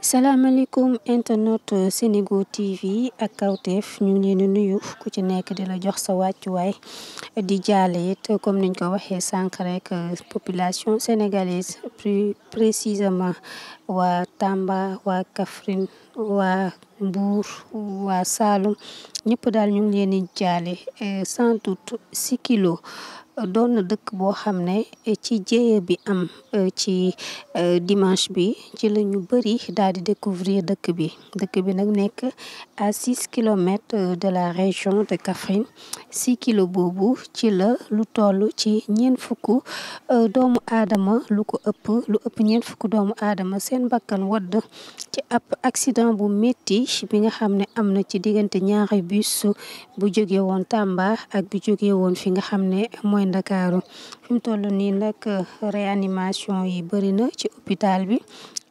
salaamaaleykum internet euh, Senego TV ak Kawtef ñu ngi leen di nuyu ku ci nekk di la jox sa wàccuwaay di jaale it comme niñ ko waxee sànq rek euh, population sénégalaise plus précisément waa Tamba waa kafrin waa Mbour waa Saloum ñëpp daal ñu ngi leen di jaale euh, sans doute si kilo doon na dëkk boo xam ne eh, ci jéye bi am eh, ci eh, dimanche bi ci la ñu bëri daal di découvrir dëkk bi dëkk bi nag nekk à six kilomètres de la région de Kaffrine six kilo boobu ci la lu toll ci ñeent fukk doomu aadama lu ko ëpp lu ëpp ñeent fukk doomu aadama seen bakkan wadd ci ab accident bu métti bi nga xam ne am na ci diggante ñaari bus bu jóge woon ak bu jóge fi nga xam ne mooy ndakaaru fi mu toll nii nag euh, réanimation yi bëri na ci hôpital bi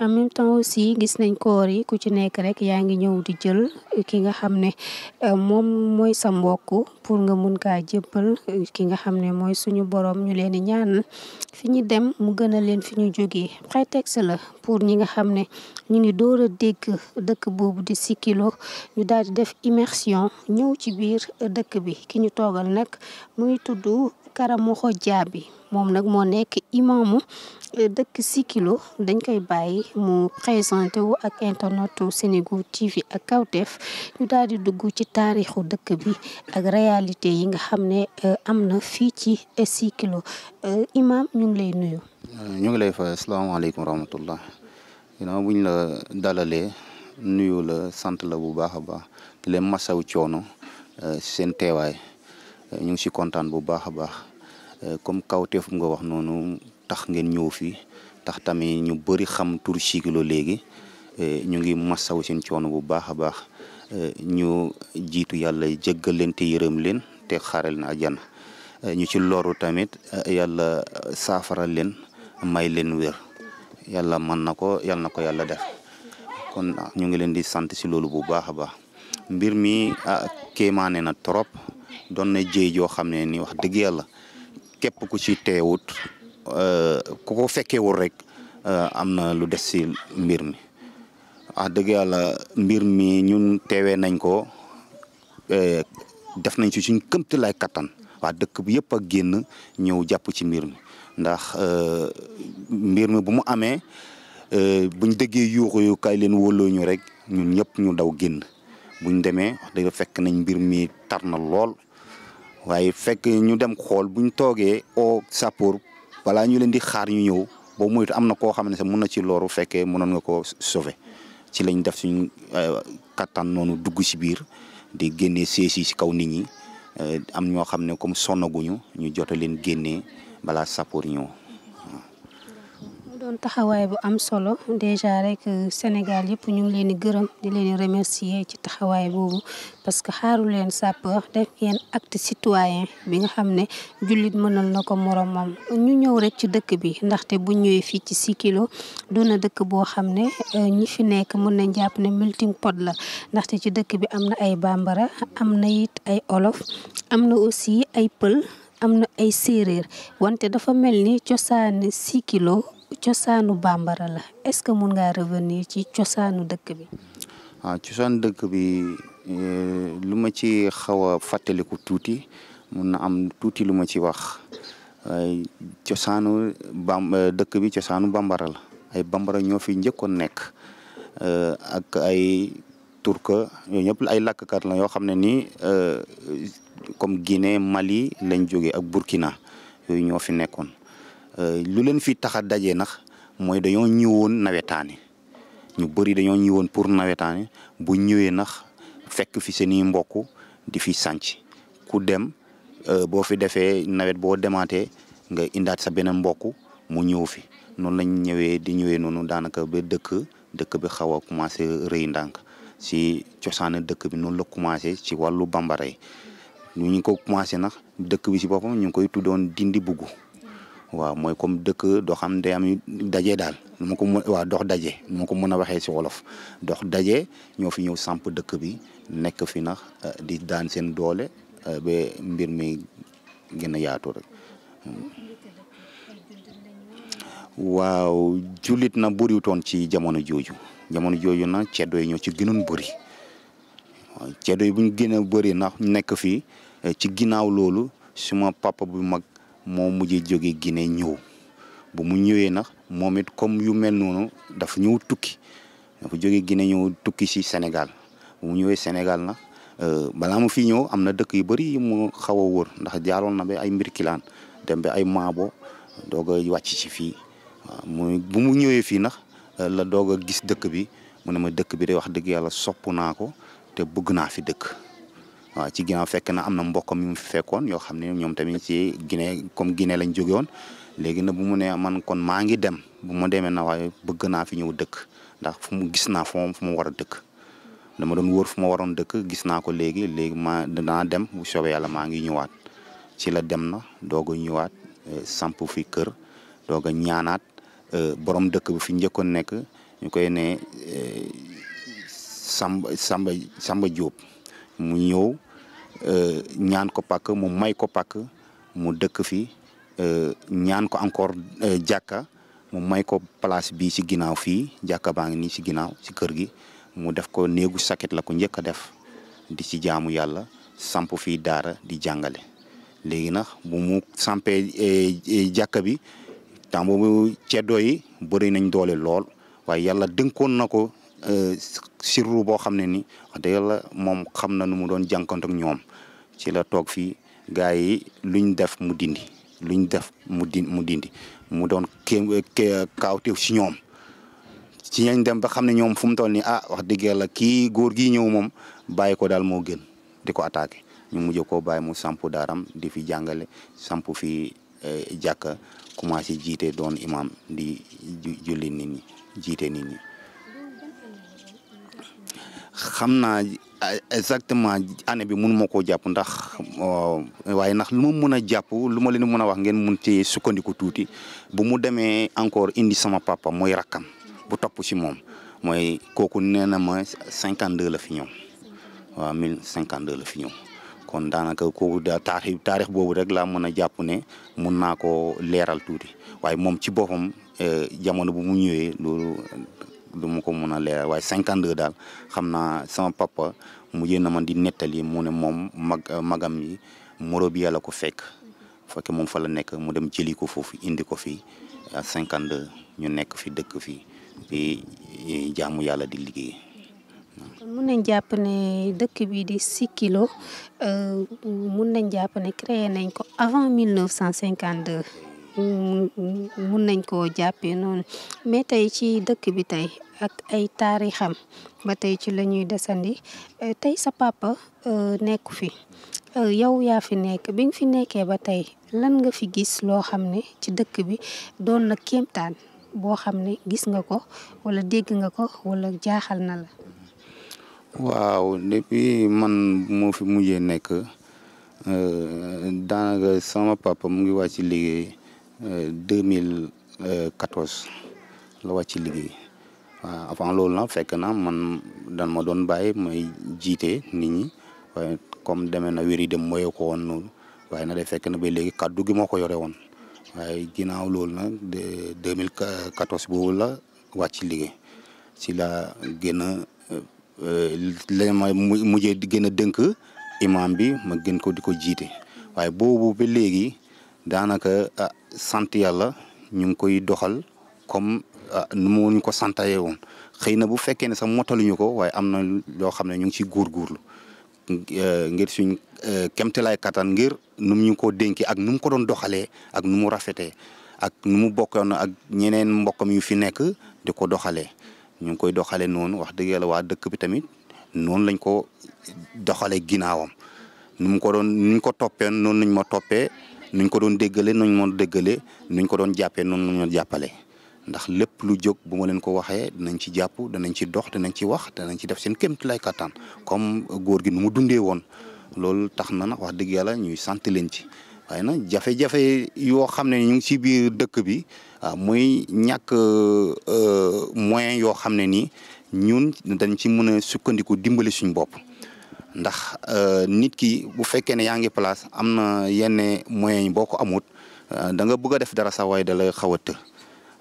am même temps aussi gis nañ koor yi ku ci nekk rek yaa ngi ñëw di jël euh, ki nga xam ne euh, moom mooy sa mbokk pour nga mun kaa jébbal ki nga xam ne mooy suñu boroom ñu leen di ñaanal fi ñu dem mu gën a leen fi ñu jógee prétexte la pour ñi nga xam ne ñu ngi door a dégg dëkk boobu di Sikilo ñu daal def immersion ñëw ci biir dëkk bi ki ñu toogal nag muy tudd Karamoxo Jaabi moom nag moo nekk imaamu eh, dëkk Sikilo dañ koy bàyyi mu présenté wu ak internetu Senego TV ak kawteef ñu daal di dugg ci taarixu dëkk bi ak réalité yi nga xam ne eh, am na fii ci eh, Sikilo imaam ñu ngi lay nuyu. Euh, ñu ngi lay fay asalaamaaleykum wa rahmatullah ginnaaw buñ la dalalee nuyu la sant la bu baax a baax di leen masaw coono euh, seen teewaay. ñu ngi si kontaan bu baax a baax euh, comme kawteefum nga wax noonu tax ngeen ñëw fii tax tamit ñu bari xam tur Sikilo léegi euh, ñu ngi masaw seen coono bu baax a baax euh, ñu jiitu yàlla jéggal leen te yërëm leen te xaaral na àjjana ñu ci loru tamit yalla saafara leen may leen wér yàlla mën na ko yàlla na ko yàlla def kon ah, ñu ngi leen di sant si loolu bu baax a baax mbir mi ah kéemaane na trop. doon na jéy joo xam ne ni wax dëgg yàlla képp ku ci teewut euh, ku ko fekkewul rek euh, am na lu des si mbir mi wax dëgg yàlla mbir mi ñun teewee nañ ko euh, def nañ ci suñ këmtalaay kattan waa dëkk bi yëpp a génn ñëw jàpp ci mbir mi ndax mbir mi bu mu amee buñ dëggee yuuxu yu kaay leen wóoloo rek ñun ñëpp ñu daw génn buñ demee wax fekk nañ mbir mi tar na lool waaye fekk ñu dem xool buñ toogee au sapeur balaa ñu leen di xaar ñu ñëw boobu moytu am na koo xam ne sax mun na ci looru fekkee mënoon nga koo sauver ci lañ def suñ euh, kattan noonu dugg si biir di génnee seesi si kaw nit ñi euh, am ñoo xam ne comme sonnaguñu ñu jota leen génnee balaa sapeur ñëw doon taxawaay bu am solo déjà rek euh, Sénégal yëpp ñu ngi leen di gërëm di leen di remercier ci taxawaay boobu parce que xaaru leen sapeur def ngeen acte citoyen bi nga xam ne jullit mënal na ko moromam ñu ñëw rek ci dëkk bi ndaxte bu ñëwee fii ci six kilo doon na dëkk boo xam ne euh, ñi fi nekk mën nañ jàpp ne melting pot la ndaxte ci dëkk bi am na ay bambara am na it ay olof am na aussi ay pël am na ay séeréer wante dafa mel ni cosaani six kilo cosaanu bambara la est-ce que mun ngaa revenir ci cosaanu dëkk bi. ah cosaanu dëkk bi eh, lu ma ci xaw fàttaliku tuuti mun na am tuuti lu ma ci wax cosaanu bam eh, bi cosaanu bambara la ay bambara ñoo fi njëkkoon nekk eh, ak ay turka yooyu ñëpp ay làkkat la yoo xam ne nii comme Guinée Mali lañ jóge ak Burkina yooyu ñoo fi nekkoon. Euh, lu leen fi tax a daje nax mooy dañoo ñëwoon nawetaane ñu bëri dañoo ñëwoon pour nawetaane bu ñëwee nax fekk fi seen i mbokk di fi sànc ku dem euh, boo fi defee nawet boo demaatee nga indaat sa beneen mbokk mu ñëw fi noonu lañ ñëwee di ñëwee noonu daanaka ba dëkk dëkk bi xaw a commencé rëy ndànk si cosaanu dëkk bi noonu la commencé ci wàllu bambara yi ñu ngi ko commencé nax dëkk bi si boppam ñu ngi koy tuddoon dindi buggu waaw mooy comme dëkk doo xam day daje daal nu ma ko mën waaw dox daje nu ma ko mën a waxee si wolof dox daje ñoo fi ñëw samp dëkk bi nekk fi nax euh, di daan seen doole euh, ba mbir mi gën a yaatu rek waaw jullit na bëriwutoon ci jamono jooju jamono jooju na ceddo yi ñoo ci gënoon bëri waaw ceddo yi buñ gën a bëri nekk fii euh, ci ginnaaw loolu suma papa bu mag moo mujjee jóge Guinée ñëw bu mu ñëwee nag moom it comme yu mel noonu dafa ñëw tukki dafa jóge Guinée ñëw tukki ci Sénégal bu mu ñëwee Sénégal nag euh, balaa mu fi ñëw am na dëkk yu bari yu mu xaw a wër ndax jaaroon na ba ay Mbirkilaan dem ba ay Maabo doog wàcc ci fii waaw mu ñëwee fii nag euh, la doog a gis dëkk bi mu ne ma dëkk bi de wax dëgg yàlla sopp naa ko te bëgg naa fi dëkk. waaw ci ginnaaw fekk na am na mbokka yu mu fi fekkoon yoo xam ne ñoom tamit ci gine comme gine lañ jóge woon léegi na bu mu ne man kon maa ngi dem bu ma demee na waaye bëgg naa fi ñëw dëkk ndax fu mu gis naa fu mu war a dëkk dama doon wóor fu ma waroon dëkk gis naa ko léegi léegi ma danaa dem bu soobee yàlla maa ngi ñëwaat ci la dem na doog ñëwaat euh, samp fi kër doog a ñaanaat euh, borom dëkk bi fi njëkkoon nekk ñu koy ne euh, Samba Samba Samba Diop mu ñëw Euh, ñaan ko pàkk mu may ko pàkk mu dëkk fi euh, ñaan ko encore euh, jàkka mu may ko place bi ci ginnaaw fii jàkka baa ngi nii ci ginnaaw ci kër gi mu def ko néegu saket la ko njëkk a def di ci jaamu yàlla samp fii daara di jàngale léegi nag bu mu sampee jàkka bi temps boobu ceddoo yi bëri nañ doole lool waaye yàlla dénkoon na ko Euh, sirru boo xam ne ni wax dëgg yàlla moom xam na nu mu doon jànkontak ñoom ci la toog fii gars yi luñ def mu dindi luñ def mu di mu dindi mu doon ké kaawteew si ñoom ci ñañ dem ba xam ne ñoom fu mu toll nii ah wax dëgg yàlla kii góor gii ñëw moom bàyyi ko daal moo gën di ko attaqué ñu mujj ko bàyyi mu sampu daram di fi jàngale sampu fi euh, jàkka commencé jiite doon imam di julli nit ñi jiite nit xam naa exactement année bi mun ma koo jàpp ndax euh, waaye ndax lu ma mun a jàpp lu ma leen mën a wax ngeen mun ci sukkandiku tuuti bu mu demee encore indi sama papa mooy rakkam bu topp si moom mooy kooku nee na ma cinquante deux la fi ñëw waaw mille cinquante la fi ñëw kon daanaka kooku daa taarix boobu rek laa mën a jàpp ne mun naa ko leeral tuuti waaye moom ci boppam euh, jamono bu mu ñëwee du mu ko mun a leeral waaye 52 daal xam naa sama papa mujjee na man di nettali mu ne moom mag magam yi moro bi yàlla ko fekk fekke moom fa la nekk mu dem jëli ko foofu indi ko fii 52 ñu nekk fi dëkk fii di jaamu yàlla di liggéey. kon mun nañ jàpp ne dëkk bii di Sikilo euh, mun nañ jàpp ne créé nañ ko avant 1952. mun nañ koo jàppee noonu mais tey ci dëkk bi tey ak ay taarixam ba tey ci lañuy ñuy desandi tey sa papa nekku fi yow yaa fi nekk bi nga fi nekkee ba tey lan nga fi gis loo xam ne ci dëkk bi doon na kéemtaan boo xam ne gis nga ko wala dégg nga ko wala jaaxal na la. waaw depuis man moo fi mujjee nekk daanaka sama papa mu ngi wàcc liggéey. 2014 la wàcc ci liggéey waaw avant loolu na fekk na man dan ma doon bàyyi may jiite nit ñi waaye comme demee na wér yi dem mooyoo ko woon noonu waaye na day fekk na ba léegi kaddu gi moo ko yore woon waaye ginnaaw loolu nag de 2014 boobu la wàcc ci liggéey si la gën a euh, la ma mujjee di gën a dënk imam bi ma gën ko di ko jiite waaye boobu ba léegi daanaka ah, sant yàlla ñu ngi koy doxal comme ah, nu mu ñu ko santaye woon xëy na bu fekkee ne sax ñu ko waaye am na loo xam ne ñu ngi ciy góorgóorlu eh, ngir suñ eh, kemtalaay kattan ngir nu ñu ko dénkee ak nu mu ko doon doxalee ak nu mu rafetee ak nu mu bokkoon ak ñeneen mbokkam yu fi nekk di ko doxalee ñu ngi koy doxalee noonu wax dëgg yàlla waa dëkk bi tamit noonu lañ ko doxale ginnaawam nu ko doon nu ko toppee noonu lañ ma toppee. nuñ ko doon déggalee nuñ moo déggalee nuñ ko doon jàppee noonu ñu jàppale ndax lépp lu jóg bu ma leen ko waxee danañ ci jàpp danañ ci dox danañ ci wax danañ ci def seen kéemtulaay kattan comme góor gi nu mu dundee woon loolu tax na nag wax dëgg yàlla ñuy sant leen ci. waaye nag jafe-jafe yoo xam ne ñu ngi ci biir dëkk bi ah, muy ñàkk euh, moyen yoo xam ne nii ñun dañ ci mën a sukkandiku dimbali suñ bopp. ndax euh, nit ki bu fekkee ne yaa ngi place am na yenn moyen boo ko amut euh, da nga bëgg a def dara sa waaye da lay xaw a të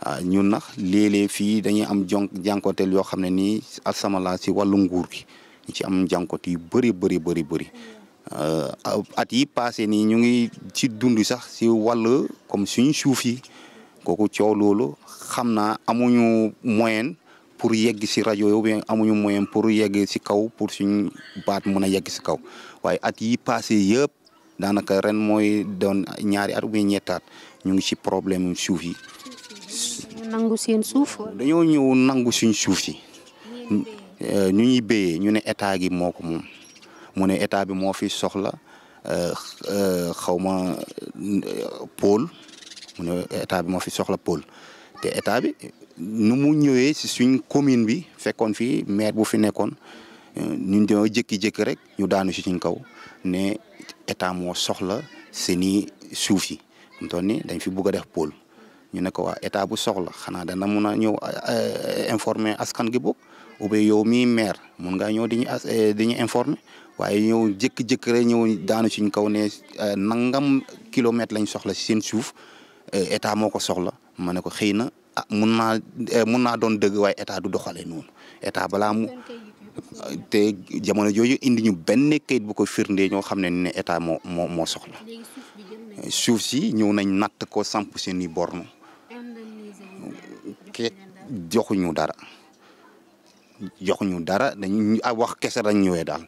euh, ñun nax léeg-léeg fii dañuy am jon jànkonteel yoo xam ne nii alhamdulilah si wàllu nguur gi ñu ci am jànkoot yu bari bari bëri bëri at yi passé nii ñu ngi ci dund sax si wàll comme suñu suuf yi kooku coow loolu xam naa amuñu moyen. pour yegg si rajo ou bien amuñu moyen pour yegg si kaw pour suñu baat mun a yegg si kaw waaye at yi passé yëpp daanaka ren mooy doon ñaari at ou ñettaat ñu ngi si problème suuf yi. nangu suuf. dañoo ñëw nangu suñ suuf si. ñu ñuy béyee ñu ne état gi moo ko moom mu ne état bi moo fi soxla euh, xawma ma euh, pôle mu moo fi soxla pôle te état nu mu ñëwee si suñ commune bi fekkoon fii maire bu fi nekkoon euh, ñun dañoo jékki-jékki rek ñu daanu si suñ kaw ne état moo soxla seeni suuf yi mu toll ni dañ fi bugg a def pôle ñu ne ko waa état bu soxla xanaa dana mun a ñëw euh, informer askan gi boobu ou yow mii maire mun ngaa ñëw di ñu as euh, di waaye ñëw jékki rek ñëw daanu suñ kaw ne nangam kilomètre lañ soxla si seen suuf état moo ko soxla. ma ne ko xëy na ah naa eh, mun naa doon dëgg waaye état du doxalee noonu état balaa mu te jamono jooju indi ñu benn kayit bu ko firndee ñoo xam ne ne état moo moo soxla suuf si ñëw nañ natt ko samp seen i borno ke joxuñu dara joxuñu dara dañuy ah, wax kese dañ ñëwee daal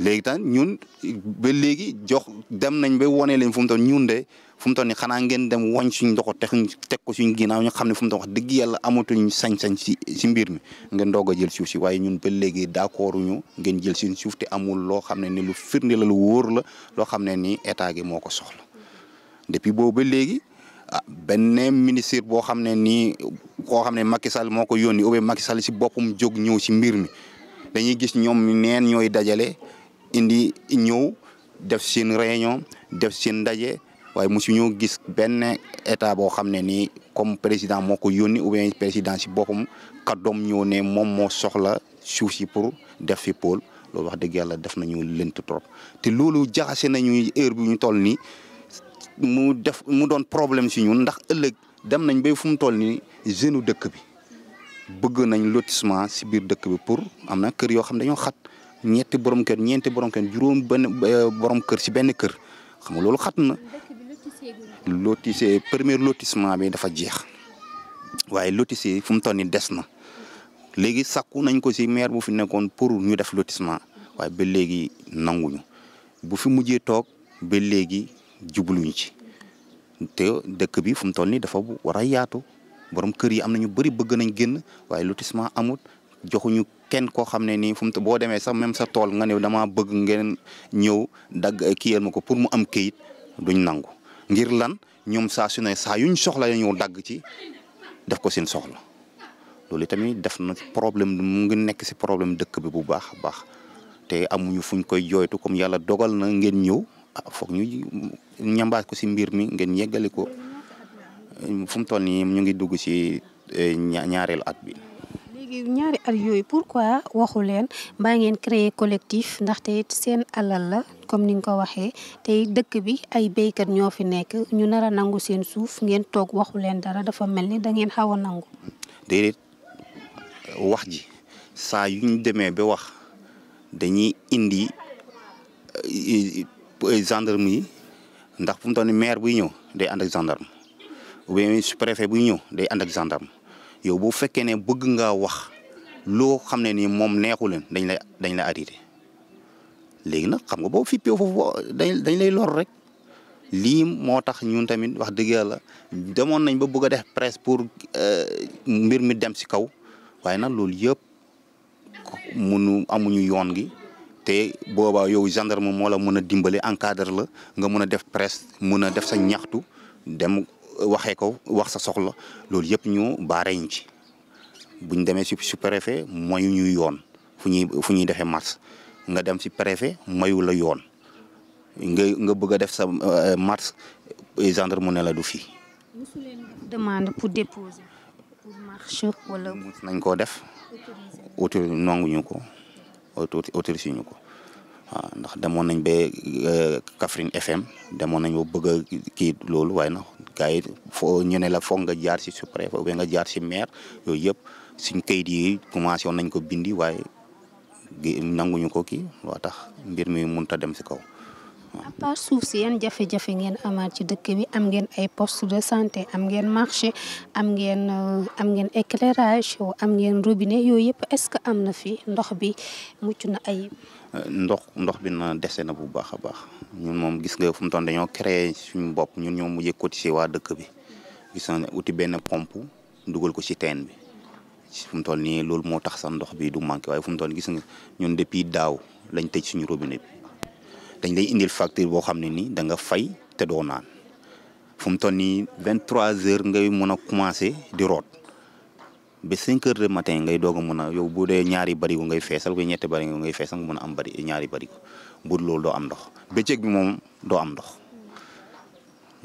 léegi tan ñun ba léegi jox dem nañ ba wone leen fu mu toll ñun de fu mu toll nii xanaa ngeen dem woñ suñ doxo te teg ko suñ ginnaaw ñu xam ne fu mu toll wax dëgg yàlla amatuñ sañ-sañ si si mbir mi ngen doog a jël suuf si waaye ñun ba léegi d'accord ñu ngeen jël seen suuf te amul loo xam ne ni lu firnde la lu wóor la loo xam ne ni état gi moo ko soxla depuis boobu ba léegi ah benn ministre boo xam ne nii koo xam ne Macky Sall moo ko yónni oubien Macky Sall si boppam jóg ñëw si mbir mi dañuy gis ñoom neen ñooy dajale. indi ñëw def seen réunion def seen ndaje waaye mosu ñu gis benn état boo xam ne nii comme président moo ko yónni ou président si boppam kàddoom ñëw ne moom moo soxla suuf si pour def fi pôle loolu wax dëgg yàlla def nañu leent trop te loolu jaxase nañu heure bi ñu toll nii mu def mu doon problème si ñun ndax ëllëg dem nañ bay fu mu toll nii jeune dëkk bi bëgg nañ lotissement si biir dëkk bi pour am na kër yoo xam dañoo xat. ñetti borom kër ñeenti borom juróom benn euh, borom kër ci benn kër xam nga loolu xat na lotissé premier lotissement bi dafa jeex waaye lotissé fu mu toll ni des na léegi sakku nañ ko ci maire bu fi nekkoon pour ñu def lotissement waaye ba léegi nanguñu bu fi mujjee toog ba léegi jubluñu ci te dëkk bi fu mu toll nii dafa war a yaatu borom kër yi am na ñu bëri bëgg nañ génn waaye lotissement amut joxuñu kenn koo xam ne nii fu mu boo demee sax même sa tool nga ne damaa bëgg ngeen ñëw dagg kiyal ma ko pour mu am këyit duñ nangu ngir lan ñoom saa su ne saa yuñ soxla ñëw dagg ci def ko seen soxla loolu tamit def na problème mu ngi nekk si problème dëkk bi bu baax baax te amuñu fuñ koy jooytu comme yàlla dogal na ngeen ñëw ah foog ñu ñambaas ko si mbir mi ngeen yeggali ko fu mu toll nii ñu ngi dugg si eh, ñaareelu at bi. ñaari at yooyu pourquoi waxu leen mbaa ngeen créer collectif ndaxte it seen alal la comme ni nga ko waxee tey dëkk bi ay béykat ñoo fi nekk ñu nar a nangu seen suuf ngeen toog waxu leen dara dafa mel ni da ngeen xaw a nangu. déedéet wax ji saa yu ñu demee ba wax dañuy indi euh, gendarme yi ndax fu mu toll maire buy ñëw day ànd ak gendarme buy ñëw day ànd ak gendarme. yow bu fekkee ne bëgg nga wax loo xam ne nii moom neexu leen dañ lay dañ la arrêté léegi nag xam nga boo fippee foofu dañ dañ lay lor rek lii moo tax ñun tamit wax dëgg yàlla demoon nañ ba bëgg a def presque pour euh, mbir mi dem ci kaw waaye nag loolu yëpp munu amuñu yoon gi te boobaa yow gendarme moo la mën a dimbale encadre la nga mën a def presse mën a def sa ñaxtu dem waxee ko wax sa soxla loolu yëpp ñu baaree ñu ci buñ demee si su préfet mayu ñu yoon fu ñuy fu ñuy defee marche nga dem si préfet mayu la yoon nga nga bëgg a def sa euh, marche gendarme ne la du fi mosu nañ koo def. autorisé nanguñu ko autorise ñu ko. waaw ndax demoon nañ ba euh, Kaffrine FM demoon nañ ba bëgg kiit loolu waaye na gars yi foo ñu ne la foog nga jaar si sous-préfet ou nga jaar si maire yooyu yëpp suñ kayit yi commencé nañ ko bindi waaye nanguñu ko ki loo tax mbir mi mënut a dem si kaw. à part suuf si yan jafe-jafe ngeen amaat ci dëkk bi am ngeen ay poste de santé am ngeen marché am ngeen euh, am ngeen éclairage am ngeen robinet yooyu yëpp est-ce am na fi ndox bi mucc na ayib. ndox ndox bi na dese na bu baax a baax ñun moom gis nga fu mu toon dañoo créer suñu bopp ñun ñoo mujjee cotiser waa dëkk bi gis na uti benn pompe dugal ko ci ten bi fu mu toll nii loolu moo tax sax ndox bi du manqué waaye fu mu toll gis nga ñun depuis daaw lañ tëj suñu robine bi dañ lay indil facture boo xam ne nii da nga fay te doo naan fu ton toll nii 23 heures ngay mën a commencé di root. ba cinq heures de matin ngay doog a mën a yow bu dee ñaari barigo ngay feesal ko ñetti barigo ngay feesal nga mën a am bari ñaari barigo bu loolu doo am ndox bëccëg bi moom doo am ndox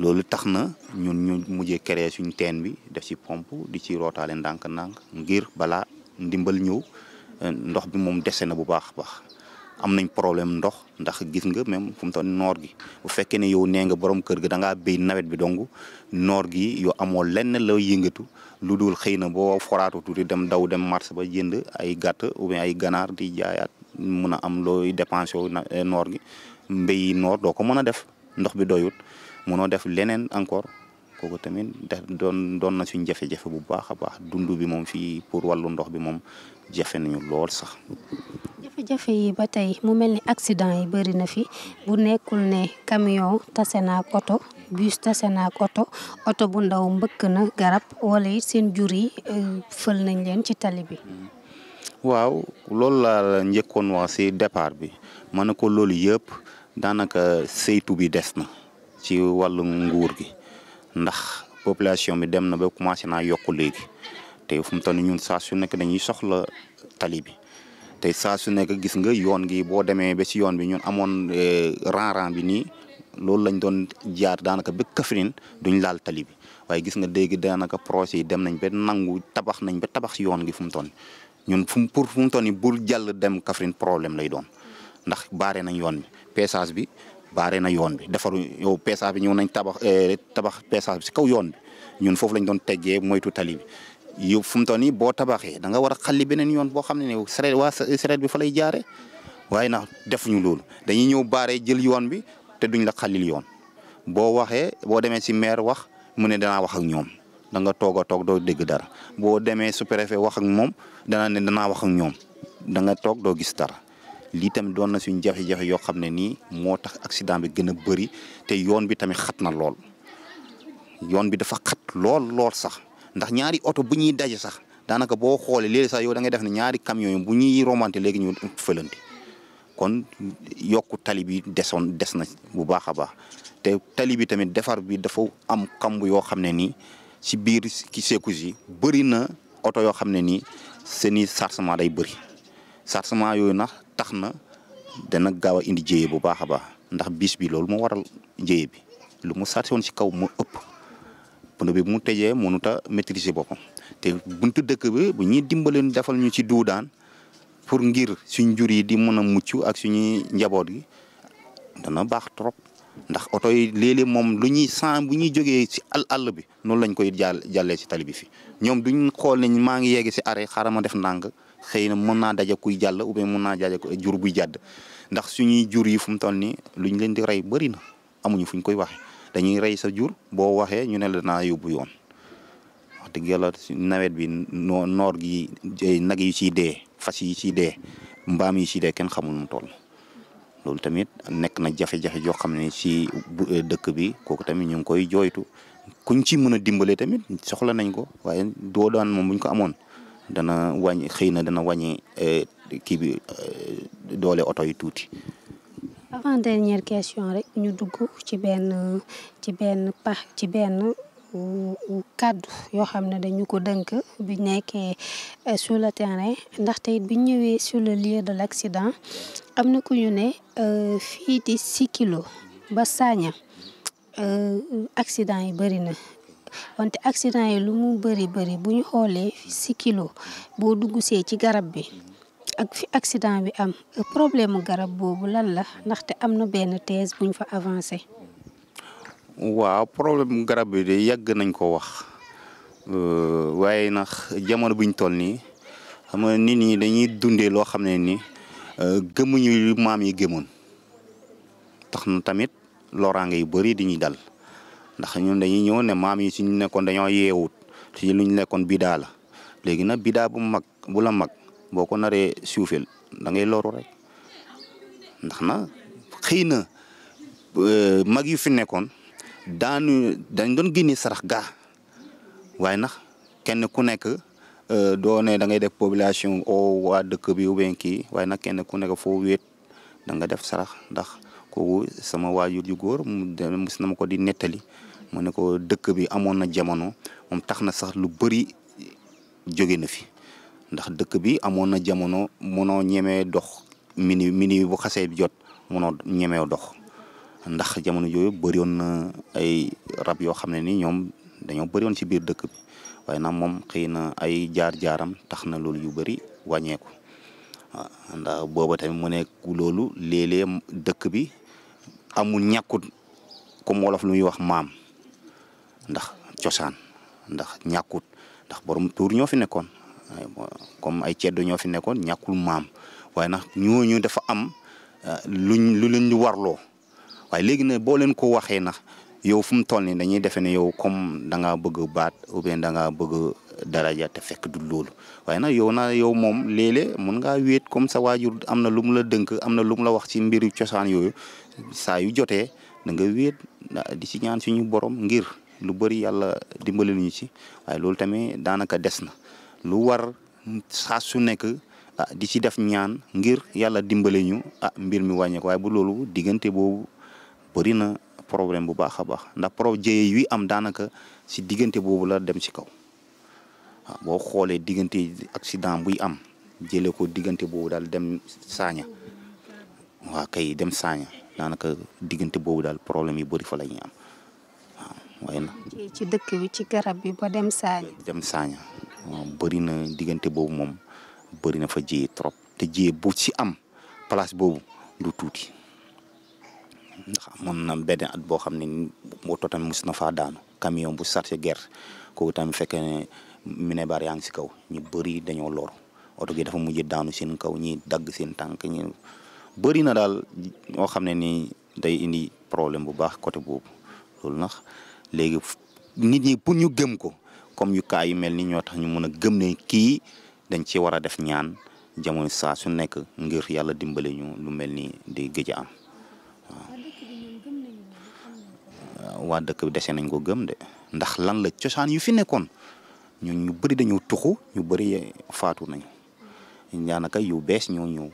loolu tax na ñun ñu mujjee créé suñu teen bi def ci pomp di ci rootaale ndànk-ndànk ngir balaa ndimbal ñëw ndox bi moom dese na bu baax baax. am nañ problème ndox ndax gis nga même fu mu noor gi bu fekkee ne yow nee nga borom kër ga da béy nawet bi dong noor gi yow amoo lenn la yëngatu lu dul xëy na boo foraatu tuuti dem daw dem marché ba jënd ay gàtt ou bien ay ganaar di jaayaat mun a am looy dépensé eh, noor gi mbéy noor doo ko mën a def ndox bi doyut munoo def leneen encore kooku tamit def doon doon na suñ jafe-jafe bu baax a baax dund bi moom fii pour wallu ndox bi moom jafe nañu lool sax. jafe-jafe yi ba tey mu mel ni accident yi bëri na fi bu nekkul ne camion tase naa ak oto bus tase na ak oto bu ndaw mbëkk na garab wala it seen jur yi euh, fël nañ leen ci tali bi. waaw loolu la njëkkoon wax ci départ bi ma ne ko loolu yëpp daanaka saytu bi des na ci wàllu nguur gi ndax population bi dem na ba commencé naa yokk léegi. te fu mu toll ñun saa su nekk dañuy soxla tali bi te saa su nekk gis nga yoon gi boo demee ba si yoon bi ñun amoon eh, rang-rang bi nii loolu lañ doon jaar daanaka ba Kaffrine duñ laal tali bi waaye gis nga dégg daanaka projet yi dem nañ ba nangu tabax nañ ba tabax si yoon gi fu mu toll ñun fu pour fu mu toll bul jàll dem Kaffrine problème lay doon ndax baare nañ yoon bi peesage bi baare na yoon bi defaru yow peesage bi ñëw nañ tabax eh, tabax peesage bi si kaw yoon bi ñun foofu lañ doon teggee moytu tali bi. yow fu mu toll nii boo tabaxee da nga war a xalli beneen yoon boo xam ne ne sareet waa sareet bi fa lay jaare waaye nag defuñu loolu dañuy ñëw baare jël yoon bi te duñ la xallil yoon boo waxee boo demee si maire wax mu ne danaa wax ak ñoom da toog a toog doo dégg dara boo demee su préfet wax ak moom danaa ne danaa wax ak ñoom da nga toog doo gis dara lii tamit doon na suñ jafe yoo xam ne nii moo tax accident bi gën a bëri te yoon bi tamit xat na lool yoon bi dafa xat lool lool sax. ndax ñaari oto bu ñuy daje sax daanaka boo xoolee léegi sax yow da def ne ñaari camions yi bu ñuy romante léegi ñu fëlanti kon yokku talibi desoon des na bu baax a baax te tali bi tamit defar bi dafa am kamb yoo xam ne nii si biir ki Sékousse yi bëri na oto yoo xam ne nii seeni chargement day bëri chargement yooyu nag tax na dana gaaw a indi jéye bu baax a baax ndax bis bi loolu moo waral jéye bi lu mu chargé woon si kaw moo ëpp. pono bi mu tëjee mënut a maîtriser boppam te buntu dëkk bi bu ñuy dimbaleen defal ñu ci duudaan pour ngir suñ jur yi di mën a mucc ak suñuy njaboot gi dana baax trop ndax oto yi léeg moom lu ñuy sant bu ñuy jógee ci àll àll bi noonu lañ koy jàll jàllee si tali bi fi ñoom duñ xool ne maa ngi yegg si arrêt xaaral ma def ndànk xëy na mën naa daje jàll ou bien mën naa daje jur buy jàdd ndax suñuy jur yi fu mu toll nii luñ leen di rey bëri na amuñu fuñ koy waxee. dañuy rey sa jur boo waxee ñu ne la yóbbu yoon wax dëgg yàlla nawet bi noo noor gi nag yi ciy dee fas yi ciy dee mbaam yi ciy dee kenn xamul mu toll loolu tamit nekk na jafe-jafe joo xam ne ci eh, dëkk bi kooku tamit ñu ngi koy jooytu kuñ ci mën a dimbale tamit soxla nañ ko waaye doo moom buñ ko amoon dana wàññi xëy na dana wàññi eh, kii bi eh, doole oto yi tuuti avant dernière question rek ñu dugg ci benn ci benn pax ci benn euh, euh, kàddu yoo xam ne dañu ko dënk bi nekkee euh, sur le terrain ndaxte it bi ñëwee sur le lieu de l'accident am na ku ñu ne fii di six kilo ba Sagna accident yi bëri na wante accident yi lu mu bëri bëri bu ñu xoolee si kilo boo dugg see ci garab bi ak fi accident bi am problème garab boobu lan la ndaxte am na benn thèse buñ fa avancé. waaw problème garab bi de yàgg nañ ko wax euh, waaye nax jamono buñ toll nii xam nga nit ñi dañuy dundee loo xam ne nii euh, gëmuñu maam yi gëmoon tax na tamit loraange yu bëri di ñuy dal ndax ñun dañuy ñëw ne maam yi ñu nekkoon dañoo yeewut suñu ñu nekkoon bidaa la léegi nag bidaa bu mag bula mag. boo ko naree suufeel da ngay loru rek ndax na xëy na euh, mag yu fi nekkoon daanu dañ doon gini sarax gaa waaye nax kenn ku nekk euh, doo ne da ngay def population o waa dëkk bi ou bien waaye nag kenn ku nekk foo wéet da nga def sarax ndax kooku sama waajur yu góor mus na ma ko di nettali mu ne ko dëkk bi amoon na jamono moom tax na sax lu bari jóge na fi ndax dëkk bi amoon na jamono mënoo ñemee dox mini mini bu xasee jot mënoo ñemee dox ndax jamono yooyu bëriwoon na ay rab yoo xam ne ni ñoom dañoo bëriwoon ci biir dëkk bi waaye nag moom xëy na ay jaar-jaaram tax na loolu yu bari wàññeeku ah, ndax booba tamit mu loolu léeg dëkk bi amul ñàkkut comme wolof lu wax maam ndax cosaan ndax ñàkkut ndax borom tuur ñoo fi nekkoon. comme ay ceddo ñoo fi nekkoon ñàkkul maam waaye nag ñooñu dafa am euh, luñ lu luñ warloo waaye léegi nag boo leen ko waxee nag yow fu mu toll nii dañuy defee ne yow comme da ngaa bëgg baat ou bien da bëgg daraja te fekk du loolu waaye nag yow na yow moom léeg mun ngaa wéet comme sa waajur am na lu mu la dënk am na lu mu la wax ci mbiru cosaan yooyu saa yu jotee da nga wéet di ci ñaan suñu borom ngir lu bëri yàlla dimbali ñu ci waaye loolu tamit daanaka des na. lu war saa su nekk ah, di ci def ñaan ngir yàlla dimbale ñu ah mbir mi wàññeeku waaye bu loolu diggante boobu bëri na problème bu baax a baax ndax pro jëye yuy am daanaka si diggante boobu la dem ci kaw ah, boo xoolee diggante accident buy am jëlee ko diggante boobu daal dem saaña waa kay dem saaña daanaka diggante boobu daal problème yu bari fa la ñuy am waaw waaye ci dëkk bi ci garab bi ba dem saaña. dem saaña. bëri na diggante boobu moom bëri na fa jiyee trop te jiyee bu ci am place boobu du tuuti ndax amoon na benn at boo xam ne oto tamit mos na faa daanu camion bu chargé gerte kooku tamit fekkee ne minébar yaa ngi si kaw ñu bëri dañoo loru oto gi dafa mujj daanu seen kaw ñi dagg seen tànk ñi bëri na daal ñoo xam ne nii day indi problème bu baax côté boobu loolu nax léegi nit ñi pour ñu gëm ko comme yu kaay mel ni ñoo tax ñu mën a gëm ne kii dañ ci war a def ñaan jamono saa su nekk ngir yàlla dimbale ñu lu mel ni di gëj am waa dëkk bi dese nañ ko gëm de ndax lan la cosaan yu fi nekkoon ñu ñu bëri dañoo tuxu ñu bëri faatu nañ ñaanaka yu bees ñoo ñëw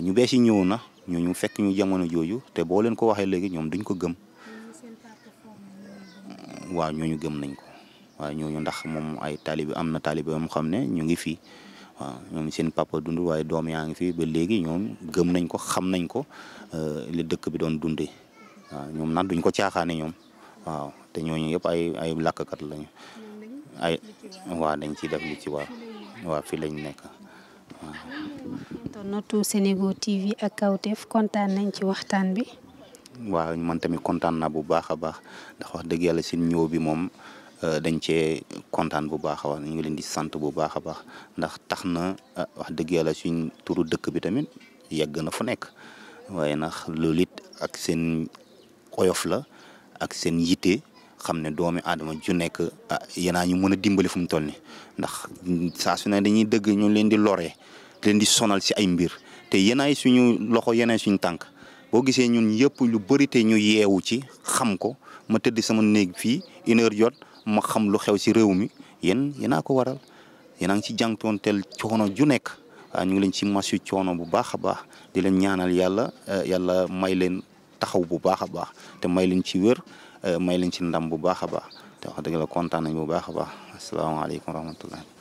ñu bees yi ñëw na ñooñu fekk ñu jamono jooju te boo leen ko waxee léegi ñoom duñ ko gëm waaw ñooñu gëm nañ ko waaw ñooñu ndax moom ay taalibe am na taalibe yoo xam ne ñoo ngi fii waaw ñoom seen papa dund waaye doom yaa ngi fi ba léegi ñoom gëm nañ ko xam nañ ko euh, li dëkk bi doon dundee ñoom nag duñ ko caaxaane ñoom waaw te ñooñu yëpp ay ay ciy def ci waa fii lañ nekk waaw. Senego TV ak Kawtef kontaan nañ ci waxtaan bi. waaw man tamit kontaan naa bu baax a baax ndax wax dëgg yàlla seen ñëw bi moom. Euh, dañ ce kontaan bu baax a baax nañu ngi leen di sant bu baax a baax ndax tax na euh, wax dëgg yàlla suñ turu dëkk bi tamit yegg na fu nekk waaye ndax loolu it ak seen oyof la ak seen yitte xam ne doomi aadama ju nekk ah ñu mën a dimbali fu mu toll nii ndax saa su ne dañuy dëgg ñu leen di lore leen di sonal si ay mbir te yéenaay suñu loxo yéenaay suñu tànk boo gisee ñun yëpp lu bari te ñu yeewu ci xam ko ma tëdd sama néeg fii une jot. ma xam lu xew ci réew mi yéen yéenaa ko waral yéen a ngi ci jànkuwanteel coono ju nekk ñu ngi leen ci masu coono bu baax a baax di leen ñaanal yàlla eh, yàlla may leen taxaw bu baax a baax te may leen ci wér eh, may leen ci ndam bu baax a baax te wax dëgg la kontaan nañ bu baax a baax asalaamaaleykum wa